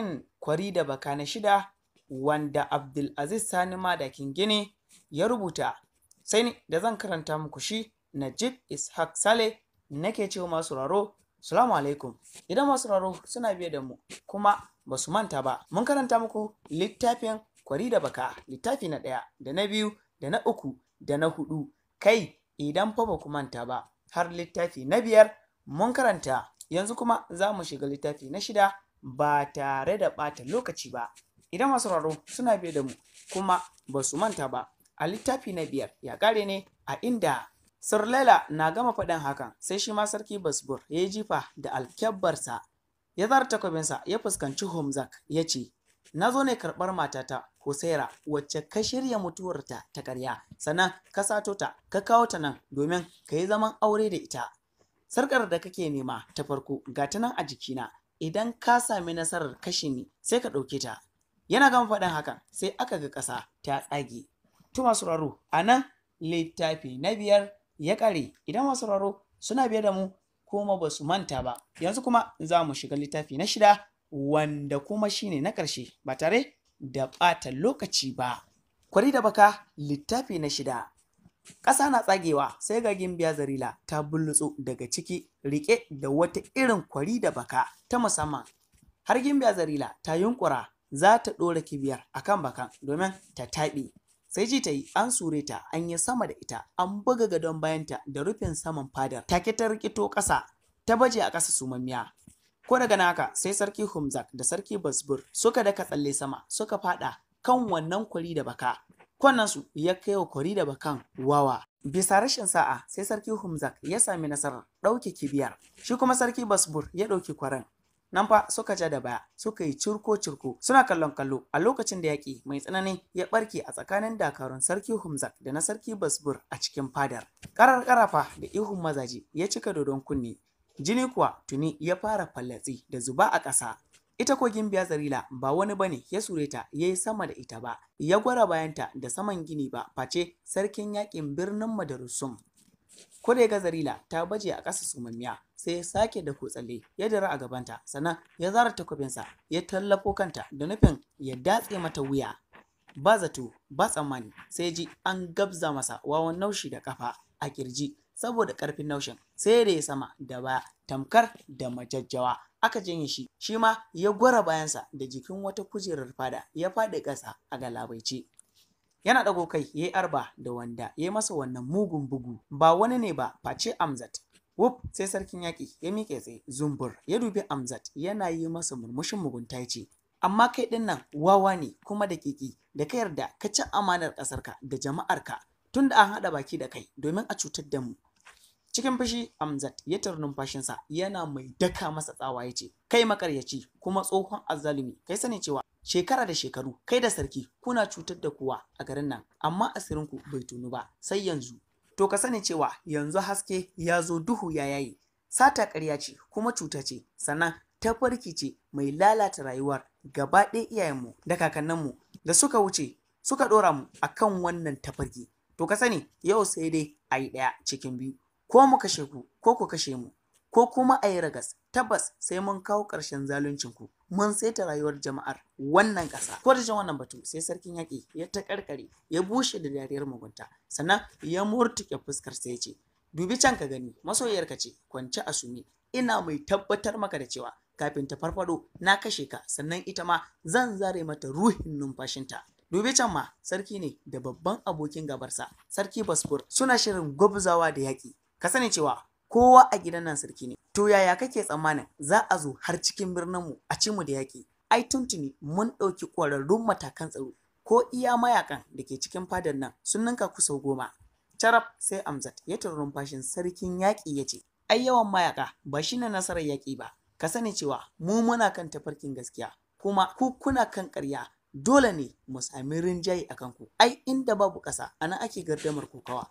yin kwari da baka na shida wanda Abdulaziz Sani Madakin Gini ya rubuta sai da zan karanta muku shi Najib Ishaq Saleh nake ce masu raro Salamu alaikum idan masu raro suna biye da mu kuma ba su manta ba mun karanta muku littafin kwari da baka littafi na ɗaya da na biyu da na uku da na hudu kai idan fa ba ku manta ba har littafi na biyar mun karanta yanzu kuma za mu shiga littafi na shida ba tare da ɓata lokaci ba. Idan masu raro suna biye da mu kuma ba su manta ba, a littafi na biyar ya ƙare ne a inda Sirlela na gama faɗin hakan sai shi ma sarki Basbur ya yi jifa da alkyabbarsa ya zara takwabinsa ya fuskanci Homzak ya ce, Na zo ne karɓar matata Saira, wacce ka shirya mutuwarta ta ƙarya sannan ka sato ta ka kawo ta nan domin ka yi zaman aure da ita. Sarkar da kake nema ta farko ga ta nan a jikina idan ka sami nasarar kashe ni sai ka ɗauke ta yana gama faɗin hakan sai aka ga ƙasa ta tsage to masu raro a nan littafi na biyar ya ƙare idan masu raro suna biye da mu kuma ba su manta ba yanzu kuma za mu shiga littafi na shida wanda kuma shine na ƙarshe ba tare da ɓata lokaci ba kwari da baka littafi na shida ƙasa na tsagewa sai ga gimbiya zarila ta bullutsu daga ciki rike da wata irin kwari da baka ta musamman har gimbiya zarila ta yunkura za ta ɗora kibiyar a kan bakan domin ta taɓe sai ji ta yi an sure ta an yi sama da ita an buga gadon bayanta da rufin saman fadar take ta rikito ƙasa ta baje a ƙasa sumammiya ko daga naka sai sarki humzak da sarki basbur suka daka tsalle sama suka faɗa kan wannan kwari da baka su ya kai wa kwari da bakan wawa. Bisa rashin sa'a sai sarki Humzak ya sami nasarar ɗauke kibiyar. Shi kuma sarki Basbur ya ɗauki kwaran. Nan fa suka ja da baya suka yi cirko curko suna kallon kallo a lokacin da yaƙi mai tsanani ya ɓarke a tsakanin dakarun sarki Humzak da na sarki Basbur a cikin fadar. Karar karafa da ihun mazaje ya cika dodon kunne. Jini kuwa tuni ya fara fallatsi da zuba a ƙasa Ita kogin biya zarila ba wani bane ya sure ta ya yi sama da ita ba, ya gwara bayanta da saman gini ba face sarkin yakin birnin Madarusum. Kure ga zarila ta baje a ƙasa sumammiya sai ya sake da tsalle ya dara a gabanta sannan ya zara takobinsa ya tallafo kanta da nufin ya datse mata wuya. Ba zato ba tsammani sai ji an gabza masa wawan naushi da kafa a kirji saboda ƙarfin naushin sai da ya sama da ba tamkar da majajjawa aka janye shi shi ma ya gwara bayansa da jikin wata kujerar fada ya faɗi ƙasa a galabaice yana ɗago kai ya yi arba da wanda ya yi masa wannan mugun bugu ba wani ne ba face amzat wuf sai sarkin yaƙi ya miƙe tsaye zumbur ya dubi amzat yana yi masa murmushin mugunta ce amma kai ɗin nan wawa ne kuma da kiki da ka yarda ka ci amanar ƙasarka da jama'arka tun da an haɗa baki da kai domin a cutar da mu Cikin fushi Amzat ya tar numfashinsa yana mai daka masa tsawa ya ce, Kai makaryaci kuma tsohon azzalumi, kai sani cewa shekara da shekaru kai da sarki kuna cutar da kowa a garin nan, amma asirinku bai tunu ba sai yanzu. To ka sani cewa yanzu haske ya zo duhu ya yayi. Sata ƙarya ce kuma cuta ce, sannan tafarki ce mai lalata rayuwar gaba ɗaya iyayenmu da kakanninmu da suka wuce suka ɗora mu akan wannan tafarki. To ka sani yau sai dai a yi ɗaya cikin biyu. ko mu kashe ku ko ku kashe mu ko kuma a yi ragas tabbas sai mun kawo ƙarshen zaluncin ku mun saita rayuwar jama'ar wannan ƙasa ko da wannan batu sai sarkin yaƙi ya ta karkare ya bushe da dariyar mugunta sannan ya murtuke fuskar sai ce dubi can ka gani masoyiyar ka ce kwance a sumi ina mai tabbatar maka da cewa kafin ta farfado na kashe ka sannan ita ma zan zare mata ruhin numfashinta Dubi can ma sarki ne da babban abokin gabarsa, sarki Basfur suna shirin gwabzawa da yaƙi. ka sani cewa kowa a gidan nan sarki ne to yaya kake tsammanin za a zo har cikin birnin mu a ci mu da yaƙi ai tuntuni mun ɗauki ƙwararrun matakan tsaro ko iya mayakan da ke cikin fadar nan sun ninka kusa goma carab sai amzat ya tura numfashin sarkin yaƙi ya ce ai yawan mayaka ba shi ne nasarar yaƙi ba ka sani cewa mu muna kan tafarkin gaskiya kuma ku kuna kan ƙarya dole ne mu sami rinjaye a kanku ai inda babu ƙasa ana ake gardamar kokawa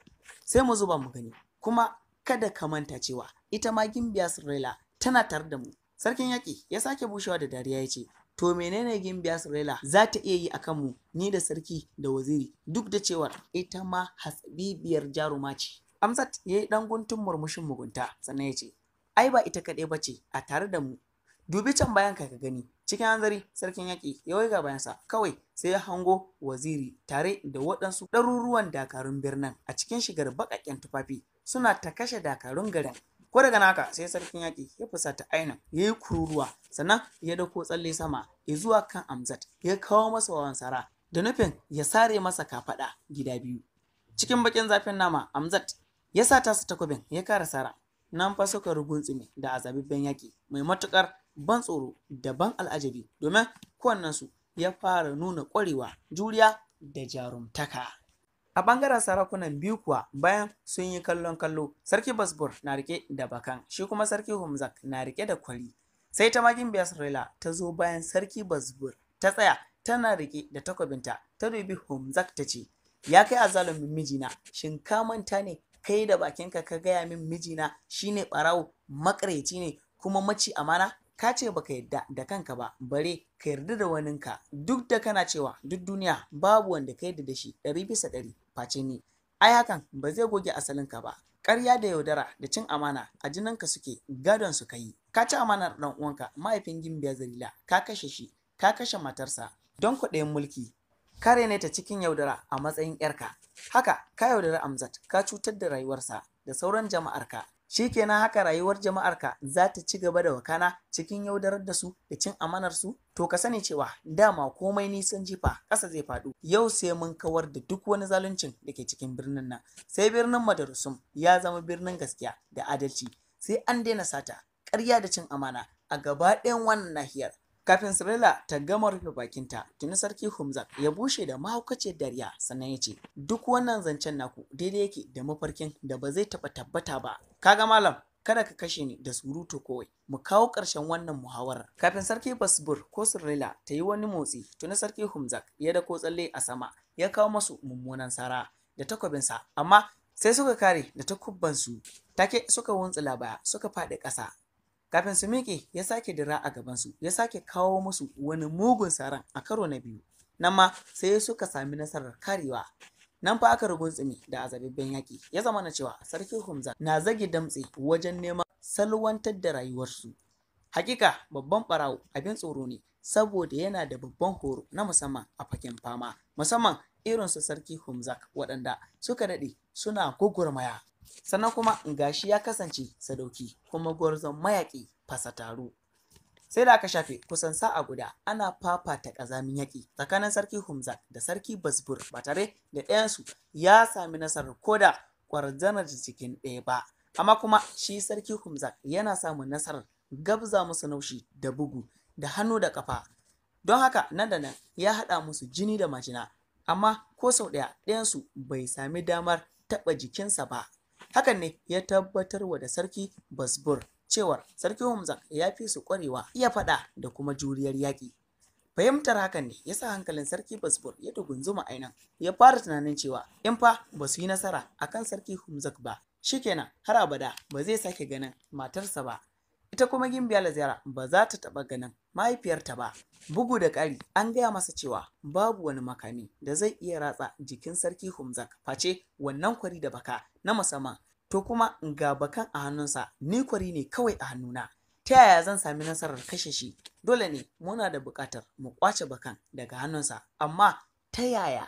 sai mu zuba mu gani kuma kada ka manta cewa ita ma gimbiya Sirela tana tare da mu. Sarkin yaƙi ya sake bushewa da dariya ya ce, To menene gimbiya Sirela za ta iya yi a kanmu ni da sarki da waziri duk da cewar ita ma hasabibiyar jaruma ce. Amsat ya yi ɗan guntun murmushin mugunta sannan ya ce, Ai ba ita kaɗai ba ce a tare da mu dubi can bayan ka gani cikin hanzari sarkin yaƙi ya wai ga bayansa kawai sai ya hango waziri tare da waɗansu ɗaruruwan dakarun birnin a cikin shigar baƙaƙen tufafi suna ta kashe dakarun garin ko daga naka sai sarkin yaƙi ya fusata aina ya yi kururuwa sannan ya dauko tsalle sama ya zuwa kan amzat ya kawo masa wawan sara da nufin ya sare masa kafaɗa gida biyu cikin baƙin zafin nama amzat ya sa tasu takobin ya kara sara nan fa suka ruguntsume da azabibben yaƙi mai matuƙar ban tsoro da ban al'ajabi domin su ya fara nuna ƙwarewa juriya da jarumtaka a ɓangaren sarakunan biyu kuwa bayan sun yi kallon kallo sarki basbur na rike da bakan shi kuma sarki humzak na rike da kwari sai ta magin biyasrela ta zo bayan sarki basbur ta tsaya tana rike da takwabinta ta dubi humzak ta ce ya kai azalumin mijina shin ka manta ne kai da bakinka ka gaya min mijina shine ɓarawo makareci ne kuma maci amana ka ce ba ka yarda da kanka ba bare ka yarda da waninka duk da kana cewa duk duniya babu wanda ka yarda da shi ɗari bisa ɗari face ni ai hakan ba zai goge asalinka ba ƙarya da yaudara da cin amana a jininka suke gadon su kai ka ci amanar ɗan uwanka mahaifin gimbiya zalila ka kashe shi ka kashe matarsa don kuɗayen mulki ka rene ta cikin yaudara a matsayin yarka haka ka yaudari amzat ka cutar da rayuwarsa da sauran jama'arka Shi kenan haka rayuwar jama'arka za ta ci gaba da wakana cikin yaudarar da su da cin amanar su to ka sani cewa dama komai nisan jifa ƙasa zai faɗo yau sai mun kawar da duk wani zaluncin da ke cikin birnin nan sai birnin madarusum ya zama birnin gaskiya da adalci sai an daina sata ƙarya da cin amana a gaba ɗayan wannan nahiyar Kafin Sirila ta gama rufe bakinta, tuni sarki Humzak ya bushe da mahaukaciyar dariya sannan ya ce, Duk wannan zancen naku daidai yake da mafarkin da ba zai taɓa tabbata ba. Kaga malam, kada ka kashe ni da surutu kawai mu kawo ƙarshen wannan muhawarar kafin sarki basbur ko sirila ta yi wani motsi tuni sarki humzak ya dako tsalle a sama ya kawo masu mummunan sara da takwabinsa amma sai suka kare da takubbansu take suka wuntsula baya suka faɗi ƙasa Kafin su miƙe ya sake dira a gabansu ya sake kawo musu wani mugun saran a karo na biyu. Nan ma sai suka sami nasarar karewa. Nan fa aka rugunsumi da azabibben yaƙi ya zama na cewa sarki Humza na zage damtse wajen neman salwantar da rayuwarsu. Hakika babban ɓarawo abin tsoro ne saboda yana da babban horo na musamman a fakin fama musamman irin su sarki Humzak waɗanda suka daɗe suna gwagwarmaya sannan kuma gashi ya kasance sadauki kuma gwarzon mayaƙi fasataru sai da aka shafe kusan sa'a guda ana fafata ƙazamin yaƙi tsakanin sarki humza da sarki basbur ba tare da ɗayansu ya sami nasarar ko da kwarzanar jikin ɗaya ba amma kuma shi sarki humza yana samun nasarar gabza musu naushi da bugu da hannu da ƙafa don haka nan da nan ya haɗa musu jini da majina amma ko sau ɗaya ɗayansu bai sami damar taɓa jikinsa ba Hakan ne ya tabbatar wa da sarki Basbur cewar sarki Humzak ya fi su kwarewa iya faɗa da kuma juriyar yaƙi. Fahimtar hakan ne ya sa hankalin sarki Basbur ya dugunzuma ainan ya fara tunanin cewa in fa ba su yi nasara a kan sarki Humzak ba shi kenan har abada ba zai sake ganin matarsa ba ita kuma gimbiya ziyara ba za ta taɓa ganin mahaifiyarta ba bugu da ƙari an gaya masa cewa babu wani makami da zai iya ratsa jikin sarki humzak face wannan kwari da baka na musamman to kuma ga bakan a hannunsa ni kwari ne kawai a hannuna ta yaya zan sami nasarar kashe shi dole ne muna da buƙatar mu kwace bakan daga hannunsa amma ta yaya